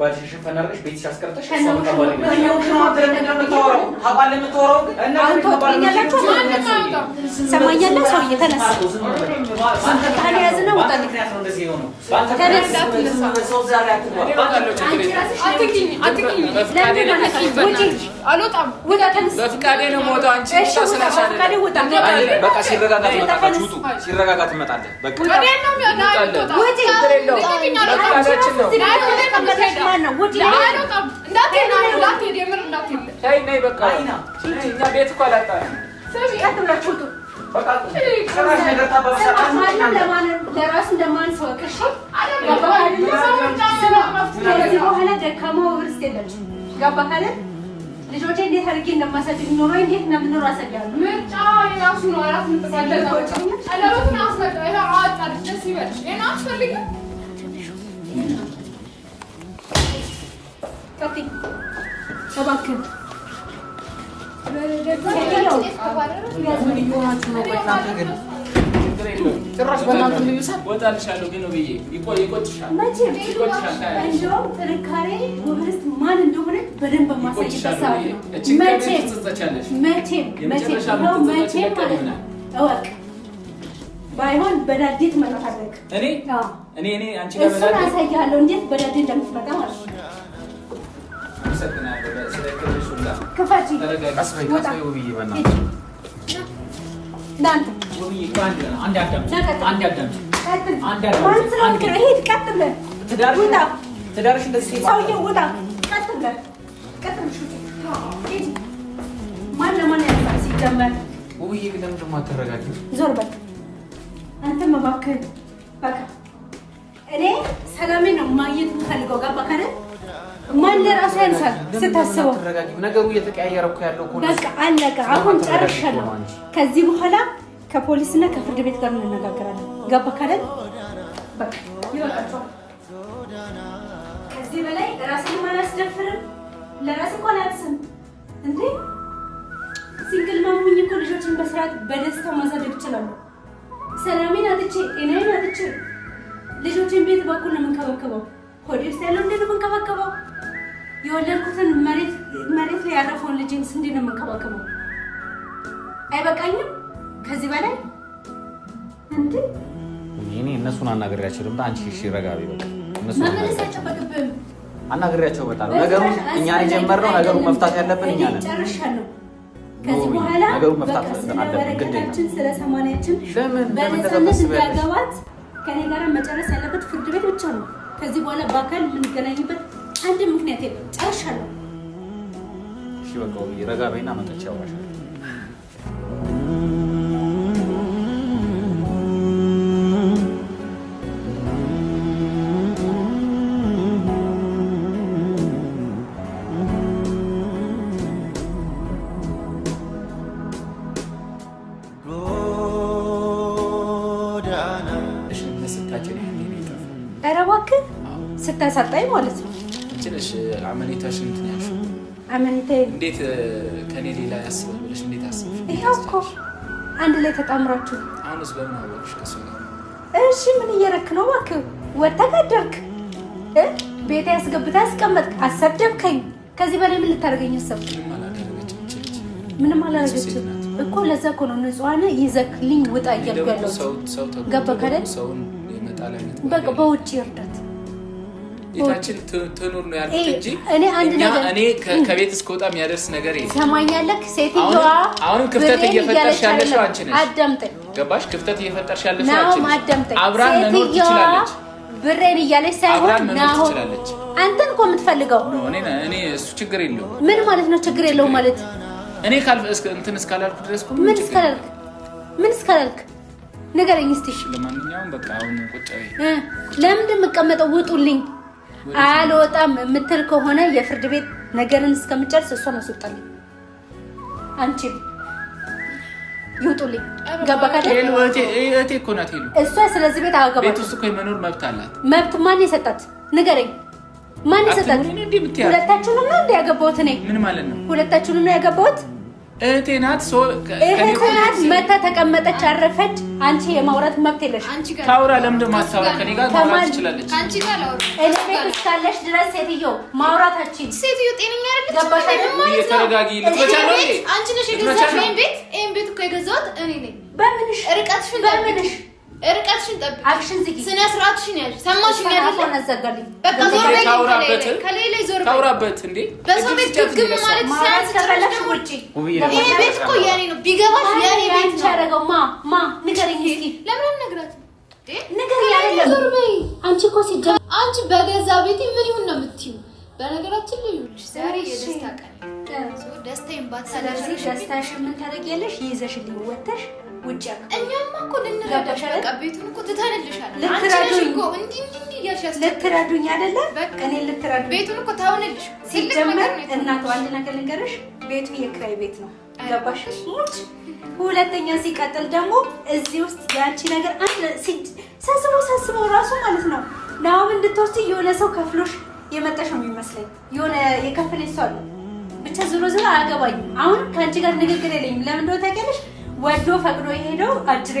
ባልሽን ሸፈናለሽ ቤትሽ አስቀርተሽ በፍቃዴ ነው የምወጣው። አንቺ በቃ ሲረጋጋ ትመጣላችሁ። ውጡ። ሲረጋጋ ትመጣለህ። በቃ ወዴት ነው የሚወጣው? እየሰማን ነው። ውድ እንዳትሄድ እንዳትሄድ፣ የምር እንዳትሄድ። ልጆቼ እንዴት አድርጌ እንደማሳድግ ኖሮ እንዴት እንደምኖር አሳድጋለሁ። ምርጫ የራሱ ነው። አራት ቀለበቱን አስመጣ። ደስ ይበል። አስፈልግም ጭራሽ በእናትህ ልዩሳት ወጣልሻለሁ ግን ብዬ ይቆጭሻል። እንደውም ጥንካሬ ጎበዝት ማን እንደሆነ በደንብ የማሳይበት ሰዓት ነው። መቼም መቼም ማለት ነው እወቅ። ባይሆን በዳዴ ትመጣለህ። እኔ እኔ እኔ አንቺ እሱን አሳይሃለሁ እንዴት በዳዴ እንደምትመጣ ማለት ነው ክፈች ሰላሜን ነው ማየት የምፈልገው። ማን ለራሱ ያንሳል ስታስበው። ነገሩ እየተቀያየረ እኮ ያለው በቃ አለቀ። አሁን ጨርሻለሁ። ከዚህ በኋላ ከፖሊስና ከፍርድ ቤት ጋር እንነጋገራለን። ገባ ካለን በቃ ከዚህ በላይ ራስን አላስደፍርም። ለራስ እኮ አላቅስም እንዴ ሲንግል ማሙኝ እኮ ልጆችን በስርዓት በደስታ ማሳደግ ይችላሉ ሰላሜን አጥቼ እኔን አጥቼ ልጆችን ቤት በኩል ነው የምንከበከበው። ሆዴ ውስጥ ያለው እንዴት ነው የምንከባከበው? የወለድኩትን መሬት መሬት ላይ ያረፈውን ልጅን ስንዴ ነው የምንከባከበው? አይበቃኝም? ከዚህ በላይ እንዴ? እኔ እነሱን አናግሬያቸው ልምጣ። አንቺ እሺ፣ ረጋ በይ። በቃ እነሱ መመለስ አይጨበጥብህም። አናግሬያቸው እመጣለሁ። ነገሩን እኛ የጀመርነው ነገሩን መፍታት ያለብን እኛ ነን። ጨርሻለሁ። ከዚህ በኋላ ነገሩ መፍታት አለብን። ግዴታችን ስለ ሰማንያችን ለምን ለምን ተሰበስበ ያገባት ከኔ ጋር መጨረስ ያለበት ፍርድ ቤት ብቻ ነው። ከዚህ በኋላ በአካል የምንገናኝበት አንድ ምክንያት የለም። ጨርሻለሁ። እሺ በቃ ረጋ በይና መጠቻ ስታሳጣኝ ማለት ነው። እችልሽ አመኔታሽ እንትን ያልሽው አመኔታ እንዴት ከኔ ሌላ ያስባል ብለሽ እንዴት አስብሽ? ይሄ እኮ አንድ ላይ ተጣምራችሁ አሁንስ በምን አወቅሽ ከሱ? እሺ ምን እየረክ ነው እባክህ? ወጥተህ ገደርክ፣ ቤቴ ያስገብተህ ያስቀመጥክ፣ አሰደብከኝ። ከዚህ በላይ ምን ልታደርገኝ አሰብክ? ምንም አላደረገችም እኮ ለዛ እኮ ነው ንጹሐን ይዘክልኝ ውጣ እያልኩ ያለሁት። ገባህ አይደል? በውጭ ይርዳል ቤታችን ትኑር ነው ያልኩት እንጂ እኔ ከቤት እስከወጣ የሚያደርስ ነገር ሰማኛለክ። ሴትዮዋ አሁንም ክፍተት እየፈጠርሽ ያለሽው አንቺ ነሽ። አዳምጠኝ፣ ገባሽ? ክፍተት እየፈጠርሽ ያለሽው አንቺ ነሽ። አብራን መኖር ትችላለች። ብሬን እያለች ሳይሆን ናሆም አንተን እኮ የምትፈልገው እኔ እሱ ችግር የለውም። ምን ማለት ነው ችግር የለው ማለት? እኔ ካል እንትን እስካላልኩ ድረስ ምን እስካላልክ ምን እስካላልክ ንገረኝ እስኪ። ለማንኛውም በቃ አሁን ቁጭ ለምንድን የምቀመጠው? ውጡልኝ አልወጣም የምትል ከሆነ የፍርድ ቤት ነገርን እስከምጨርስ እሷን አስወጣልኝ። አንቺም ይውጡልኝ። ገባካ? እሷ ስለዚህ ቤት አገባ ቤት መብት አላት። መብት ማን የሰጣት ንገረኝ? ማን የሰጣት? ሁለታችሁንም ነው እንደ ያገባሁት እኔ። ምን ማለት ነው? ሁለታችሁንም ነው ያገባሁት እህቴ ናት። እህቴ ናት። መታ ተቀመጠች፣ አረፈች። አንቺ የማውራት መብት የለሽም። ታውራ ለምድ ማስታወራ ከኔ ጋር ማውራት ትችላለች። እኔ ቤት እስካለሽ ድረስ ሴትዮ ማውራታችን ሴትዮ ጤነኛ ተረጋጊ። ልትመቻ ነው። ይህን ቤት እኮ የገዛሁት እኔ ነኝ። በምንሽ ርቀትሽ በምንሽ ርቀትሽን ጠብቂ። ስነ ስርዓትሽን ያዥ። ሰማሽኝ አይደል? በቃ ዞር በይ። ታውራበት ከሌለ ዞር ታውራበት እንዴ በሰው ቤት ግግም ማለት ሲያንስ ከፈለሽ ውጪ። ይሄ ቤት እኮ የኔ ነው። ቢገባሽ የኔ ቤት ነው። ያደረገው ማ ማ ንገረኝ እስኪ። ለምን ነግራት ንገረኝ። አይደለም አንቺ እኮ ሲጀምር አንቺ በገዛ ቤቴ ምን ይሁን ነው የምትይው? በነገራችን ላይ ዛሬ የደስታ ቀን ደስታዬን ባታላሽ ደስታሽን ምን ታደርጊያለሽ? ይዘሽ ወተሽ ውጭ እኛማ እኮ ልንረዳሽ በቃ ቤቱን እኮ ትተንልሻለሽ። ልትረዱኝ እኮ እንዲህ እንዲህ እያልሽ ልትረዱኝ አይደለ? እኔ ልትረዱኝ ቤቱን እኮ ታውንልሽ። ሲጀመር እናቱ አንድ ነገር ልንገርሽ፣ ቤቱ የክራይ ቤት ነው። ገባሽ? ሁለተኛ ሲቀጥል ደግሞ እዚህ ውስጥ ያንቺ ነገር አንድ ሳስበው ሳስበው ራሱ ማለት ነው ለአሁን እንድትወስድ የሆነ ሰው ከፍሎሽ የመጣሽ ነው የሚመስለኝ። የሆነ የከፈለ ይሷል ብቻ ዝሮ ዝሮ አያገባኝም። አሁን ከአንቺ ጋር ንግግር የለኝም። ለምን እንደሆነ ታውቂያለሽ? ወዶ ፈቅዶ የሄደው አጅሬ።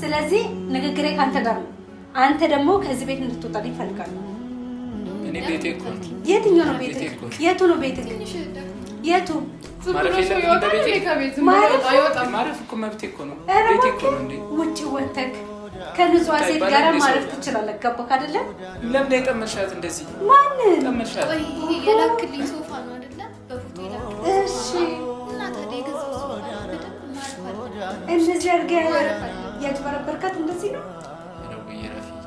ስለዚህ ንግግሬ ከአንተ ጋር ነው። አንተ ደግሞ ከዚህ ቤት እንድትወጣ ይፈልጋል። እኔ ቤቴ እኮ የትኛው ነው ቤት? የቱ ነው ቤት? የቱ ማረፍ? ውጭ ወተክ ከንጹህ ሴት ጋር ማለፍ ትችላለህ። ገባህ አይደለ? ለምን የቀመሻት እንደዚህ ማንን ቀመሻት? የላክልኝ ሶፋ ነው አይደለ? በፎቶ ይላክ። እሺ እና ታዲያ የገዛው ሶፋ ነው አይደለ? እንደዚህ አድርገህ ያጭበረበርካት እንደዚህ ነው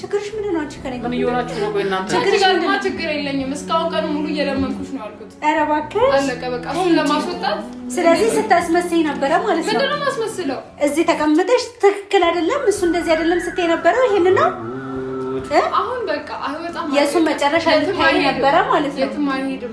ችግርሽ ምንድን ነው? አንቺ ከኔ ምን እየሆናችሁ ነው? ቆይ እናንተ ችግርሽ ምንድን ነው? ችግር የለኝም። እስካሁን ቀኑ ሙሉ እየለመንኩሽ ነው አልኩት። ኧረ እባክሽ አለቀ፣ በቃ እሱን ለማስወጣት። ስለዚህ ስታስመስይ ነበረ ማለት ነው። ምንድን ነው ማስመስለው? እዚህ ተቀምጠሽ ትክክል አይደለም እሱ እንደዚህ አይደለም ስትይ ነበረ። ይሄን ነው አሁን በቃ አይወጣም። የእሱን መጨረሻ ልታይ ነበረ ማለት ነው። የትም አልሄድም